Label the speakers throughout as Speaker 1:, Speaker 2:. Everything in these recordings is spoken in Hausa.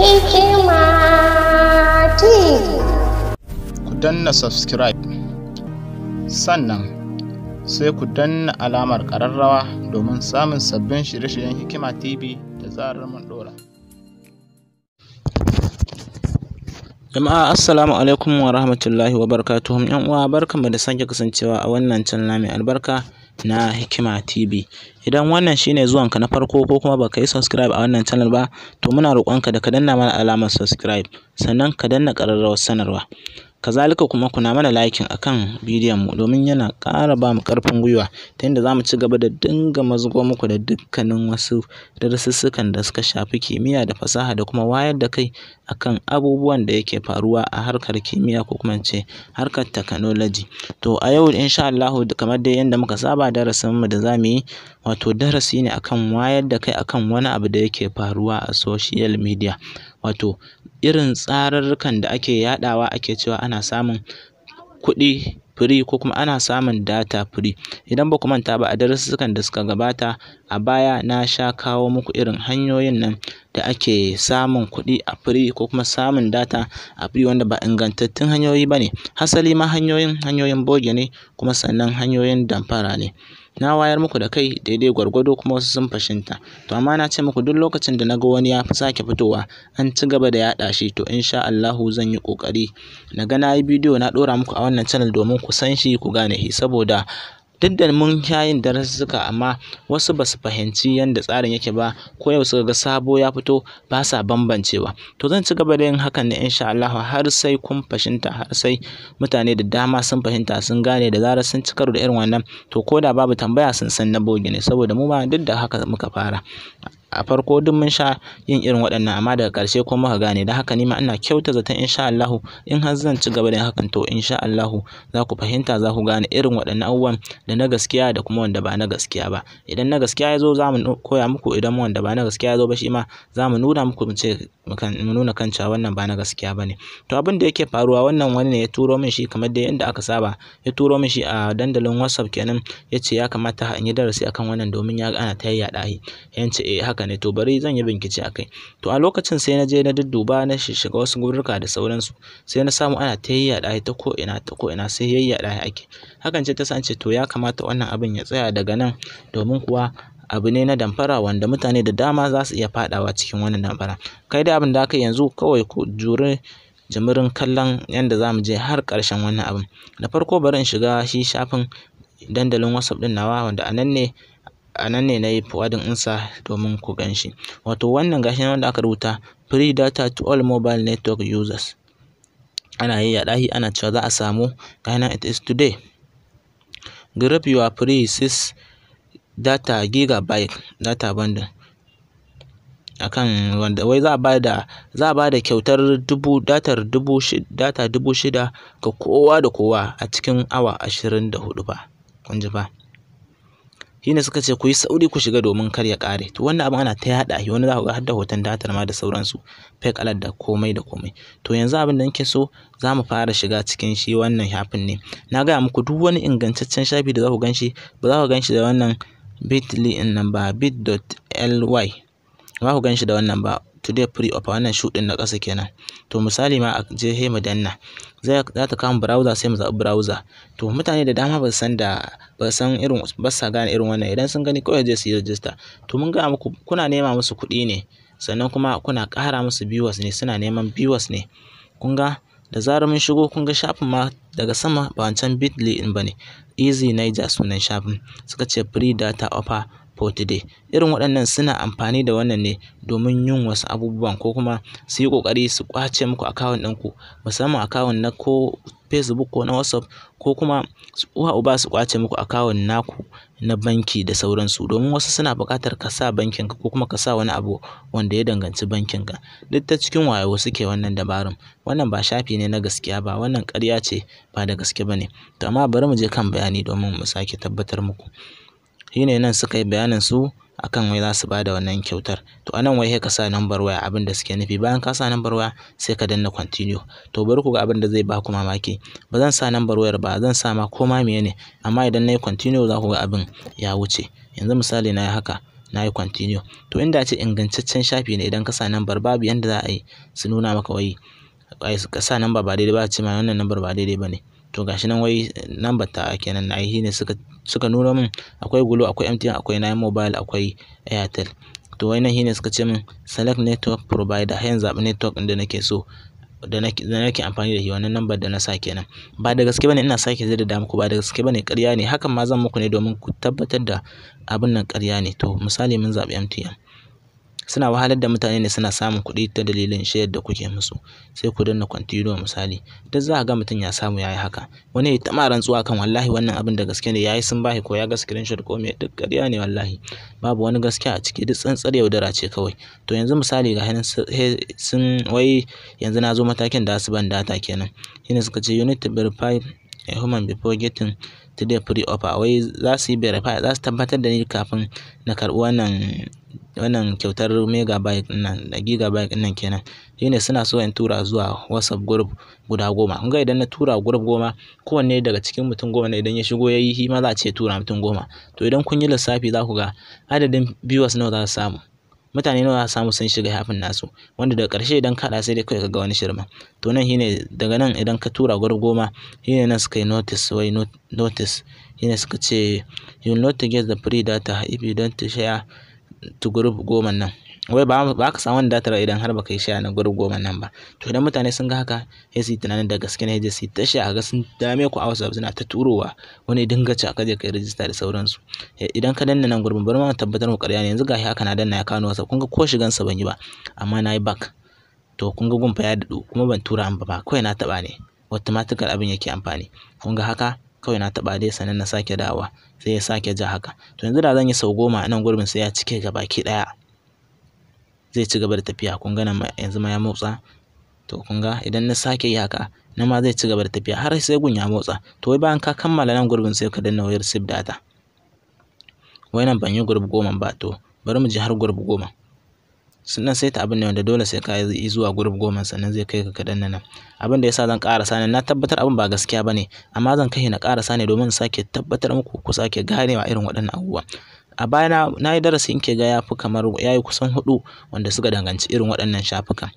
Speaker 1: hikima ku danna subscribe sannan sai ku danna alamar ƙararrawa domin samun sabbin shirye-shiryen hikima tv da zarar mun ɗora jama'a assalamu alaikum wa rahmatullahi wa barakatuhum yan uwa barkanmu da sake kasancewa a wannan channel mai albarka na Hikima TV. Idan wannan shine zuwanka na farko ko kuma baka yi subscribe a wannan channel ba, to muna roƙonka da ka danna mana alamar subscribe, sannan ka danna ƙararrawar sanarwa. Kazalika kuma kuna mana liking akan bidiyon mu domin yana ƙara ba mu ƙarfin gwiwa ta yadda za mu ci gaba da dinga mazgo muku da dukkanin wasu darussukan da suka shafi kimiyya da fasaha da kuma wayar da kai akan abubuwan da yake faruwa a harkar kimiyya ko kuma ce harkar technology. To a yau insha Allah kamar dai yadda muka saba darasin mu da za yi wato darasi ne akan wayar da kai akan wani abu da yake faruwa a social media wato irin tsararrukan da ake yaɗawa ake cewa ana samun kuɗi free ko kuma ana samun data firi idan ba ku manta ba a darussukan da suka gabata a baya na sha kawo muku irin hanyoyin nan da ake samun kuɗi a free ko kuma samun data a free wanda ba ingantattun hanyoyi ba ne hasali ma hanyoyin hanyoyin boge ne kuma sannan hanyoyin damfara ne na wayar muku da kai daidai gwargwado kuma wasu sun fashinta to amma na ce muku duk lokacin da naga wani ya fi sake fitowa an ci gaba da yaɗa shi to insha Allahu zan yi ƙoƙari na ga na yi bidiyo na ɗora muku a wannan channel domin ku san shi ku gane shi saboda duk da mun sha yin darussuka amma wasu ba su fahimci yadda tsarin yake ba ko yau suka ga sabo ya fito ba sa bambancewa to zan ci gaba da yin hakan ne insha Allah har sai kun fahimta har sai mutane da dama sun fahimta sun gane da zarar sun ci da irin wannan to ko da babu tambaya sun san na bogi ne saboda mu ma duk da haka muka fara a farko duk mun sha yin irin waɗannan amma daga ƙarshe kuma muka gane don haka nima ina kyauta zaton insha Allahu in har zan ci gaba da hakan to insha Allahu za ku fahimta za ku gane irin waɗannan abubuwan da na gaskiya da kuma wanda ba na gaskiya ba idan na gaskiya ya zo za mu koya muku idan wanda ba na gaskiya ya zo ba shi ma za mu nuna muku mu ce mu nuna kan cewa wannan ba na gaskiya ba ne to abin da yake faruwa wannan wani ne ya turo min shi kamar da yadda aka saba ya turo min shi a dandalin whatsapp kenan ya ce ya kamata in yi darasi akan wannan domin ya ga ana ta yaɗa yance eh haka haka ne to bari zan yi bincike akai to a lokacin sai na je na dudduba na shiga wasu gurruka da sauransu sai na samu ana ta yayyada ta ko ina ta ko ina sai yayyada ake hakan ce ta san ce to ya kamata wannan abin ya tsaya daga nan domin kuwa abu ne na damfara wanda mutane da dama za su iya fadawa cikin wannan damfara kai da abin da aka yanzu kawai ku jure jimirin kallon yadda za mu je har ƙarshen wannan abin da farko bari in shiga shi shafin dandalin whatsapp din nawa wanda a nan ne a nan ne na yi faɗin insa domin ku gan shi wato wannan gashi wanda aka rubuta free data to all mobile network users ana yi ya shi ana cewa za a samu gashi it is today grab your free 6 data gigabyte data bundle akan wanda wai za a ba da za a ba da kyautar dubu datar dubu data dubu shida ga kowa da kowa a cikin awa ashirin da hudu ba kun ji ba shi ne suka ce ku yi sauri ku shiga domin kar ya kare to wannan abin ana ta yada shi wani za ku ga har da hoton datar ma da sauransu fake alert da komai da komai to yanzu abin da nake so za mu fara shiga cikin shi wannan shafin ne na gaya muku duk wani ingantaccen shafi da za ku gan shi ba za ku gan shi da wannan bit.ly in nan ba bit.ly ba ku gan da wannan ba today free offer wannan shuɗin na ƙasa kenan to misali ma a je he mu danna za ta kama browser sai mu zaɓi browser to mutane da dama ba su san da ba san irin ba sa gane irin wannan idan sun gani kawai zai su yi register to mun ga muku kuna nema musu kuɗi ne sannan kuma kuna ƙara musu viewers ne suna neman viewers ne kun ga da zarar mun shigo kun ga shafin ma daga sama ba wancan bitly in ne. easy niger sunan shafin suka ce free data offer for today irin waɗannan suna amfani da wannan ne domin yin wasu abubuwan ko kuma su yi ƙoƙari su ƙwace muku akawun ɗinku musamman akawun na ko facebook ko na whatsapp ko kuma uwa uba su ƙwace muku akawun naku na banki da sauransu domin wasu suna buƙatar ka sa bankinka ko kuma ka sa wani abu wanda ya danganci bankinka duk ta cikin wayo suke wannan dabarun wannan ba shafi ne na gaskiya ba wannan ƙarya ce ba da gaske ba ne to amma bari mu je kan bayani domin mu sake tabbatar muku Shi ne nan suka yi bayanin su akan wai za su ba da wannan kyautar. To anan wai sai ka sa nambar waya abin da suke nufi. Bayan ka sa nambar waya sai ka danna continue. To bari ku ga abin da zai ba ku mamaki. Ba zan sa nambar wayar ba, zan sa ma koma miye ne. Amma idan nayi yi continue za ku ga abin ya wuce. Yanzu misali na yi haka. na yi continue to inda ce ingantaccen shafi ne idan ka sa number babu yanda za a yi su nuna maka wai ka sa number ba daidai ba ce ma wannan nambar ba daidai ba ne to gashi nan wai number ta kenan na yi suka suka nuna min akwai gulo akwai MTN akwai Nine Mobile akwai Airtel to wai nan shine suka ce min select network provider hayan zaɓi network ɗin da nake da nake amfani da shi wannan number da na sa kenan ba da gaske bane ina sake zai da damu ku ba da gaske bane ƙarya ne hakan ma zan muku ne domin ku tabbatar da abin nan ƙarya ne to misali mun zaɓi MTN suna wahalar da mutane ne suna samun kuɗi ta dalilin shayar da kuke musu sai ku danna kwantiro misali duk za a ga mutum ya samu ya yi haka wani ya ta rantsuwa kan wallahi wannan abin da gaske ne yayi sun bahi ko ya ga screenshot ko mai duk ƙarya ne wallahi babu wani gaskiya a ciki duk tsantsar yaudara ce kawai to yanzu misali ga hannun sun wai yanzu na zo matakin da su ban data kenan shine suka ce you need to verify a human before getting to the free offer wai za su yi verify za su tabbatar da ni kafin na karɓi wannan wannan kyautar megabyte nan da gigabyte nan kenan shine suna so in tura zuwa WhatsApp group guda goma kun ga idan na tura group goma kowanne daga cikin mutum goma ne idan ya shigo ya yi ma za a ce tura mutum goma to idan kun yi lissafi za ku ga adadin viewers nawa za su samu mutane nawa za su samu sun shiga hafin nasu wanda daga karshe idan ka sai dai kawai ka ga wani shirma to nan shine daga nan idan ka tura group goma shine nan suka yi notice wai notice shine suka ce you will not get the free data if you don't share ta group goma nan wai ba ka samu tara idan har baka yi sha na group goma nan ba to idan mutane sun ga haka sai su yi tunanin da gaske ne sai su tashi a ga sun dame ku a WhatsApp suna ta turowa wani dinga ci aka je kai register da sauransu eh, idan ka danna nan gurbin bari ma tabbatar mu ƙarya ne yanzu gashi haka na danna ya kano WhatsApp kun ga ko shigan sa ban yi ba amma na yi back to kun ga gumfa ya dadu kuma ban tura ba ba kawai na taɓa ne automatical abin yake amfani kun ga haka kawai na taɓa dai sannan na sake dawa sai ya sake ja haka to yanzu da zan yi sau goma a nan gurbin sai ya cike ga baki ɗaya zai ci gaba da tafiya kun ga yanzu ma ya motsa to kun ga idan na sake yi haka na ma zai ci gaba da tafiya har sai gun ya motsa to wai bayan ka kammala nan gurbin sai ka danna wayar Sif data wai nan ban yi gurbi goma ba to bari mu je har gurbi goma sannan sai ta abin ne wanda dole sai ka yi zuwa group goma sannan zai kai ka kaɗan nan abin da yasa zan ƙarasa ne na tabbatar abin ba gaskiya ba ne, amma zan kai na ƙarasa ne domin sake tabbatar muku ku sake ganewa irin waɗannan abubuwa a baya na yi darasi in ke ga ya yafi kamar yayi kusan hudu wanda suka danganci irin waɗannan shafuka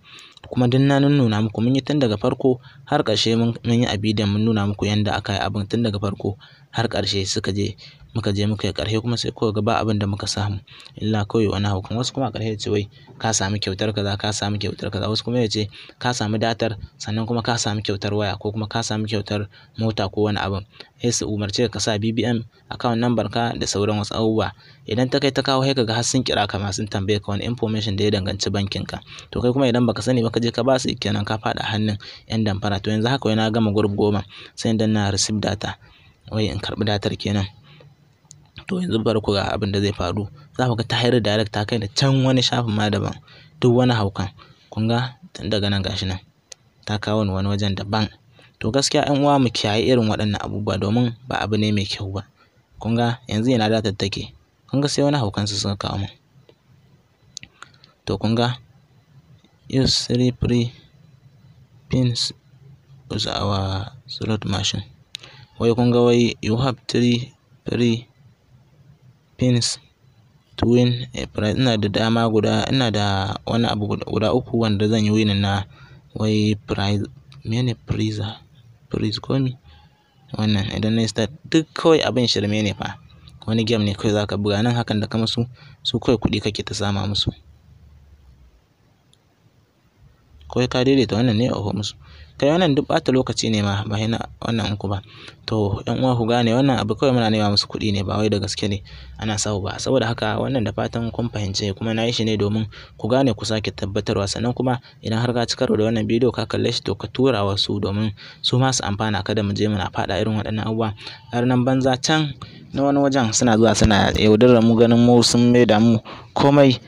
Speaker 1: kuma duk na nuna muku mun yi tun daga farko har ƙarshe mun yi a bidiyon mun nuna muku yadda aka yi abin tun daga farko har ƙarshe suka je muka je muka yi ƙarhe kuma sai kuka ba abin da muka samu illa kawai wani haukan wasu kuma a ƙarshe ce wai ka samu kyautar kaza ka samu kyautar kaza wasu kuma ya ce ka samu datar sannan kuma ka samu kyautar waya ko kuma ka samu kyautar mota ko wani abin sai su umarce ka sa BBM account number ka da sauran wasu abubuwa idan ta kai ta kawo sai kaga har sun kira ka ma sun tambaye ka wani information da ya danganci bankin ka to kai kuma idan baka sani ba ka je ka ba su kenan ka faɗa hannun yan damfara to yanzu haka wai na gama gurb goma sai dan na receive data wai in karbi datar kenan to yanzu bari ku ga abin da zai faru za ku ga ta hairar direct ta kai da can wani shafin ma daban duk wani haukan kun ga tun daga nan gashi nan ta kawo ni wani wajen daban to gaskiya ƴan uwa mu kiyaye irin waɗannan abubuwa domin ba abu ne mai kyau ba kun ga yanzu yana da tattake kun ga sai wani haukan su suka kawo min to kun ga use three free pins with our slot machine wai kun ga wai you have three free pins, a prize. Ina da dama guda, ina da wani abu guda uku wanda zan yi win na wai prize. Mene prize Prize komi? Wannan idan na start duk kawai abin shirme ne fa. Wani game ne kawai za ka buga nan hakan da ka su su kawai kuɗi kake ta sama musu. Kawai ka daidaita wannan ne a oho musu. kai wannan duk ɓata lokaci ne ma ba na wannan ku ba to yan uwa ku gane wannan abu kawai muna nema musu kuɗi ne ba wai da gaske ne ana sawu ba saboda haka wannan da fatan kun fahimce kuma na yi shi ne domin ku gane ku sake tabbatarwa sannan kuma idan har ka ci karo da wannan bidiyo ka kalle shi to ka tura wasu domin su ma su amfana kada mu je muna faɗa irin waɗannan abubuwa har nan banza can na wani wajen suna zuwa suna yaudarar mu ganin mu sun da mu komai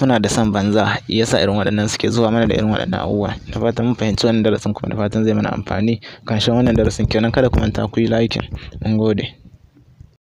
Speaker 1: muna da son banza yasa irin waɗannan suke zuwa mana da irin waɗannan abubuwa da fatan mun fahimci wannan darasin kuma da fatan zai mana amfani kan shan wannan darasin kenan kada ku manta ku yi liking mun gode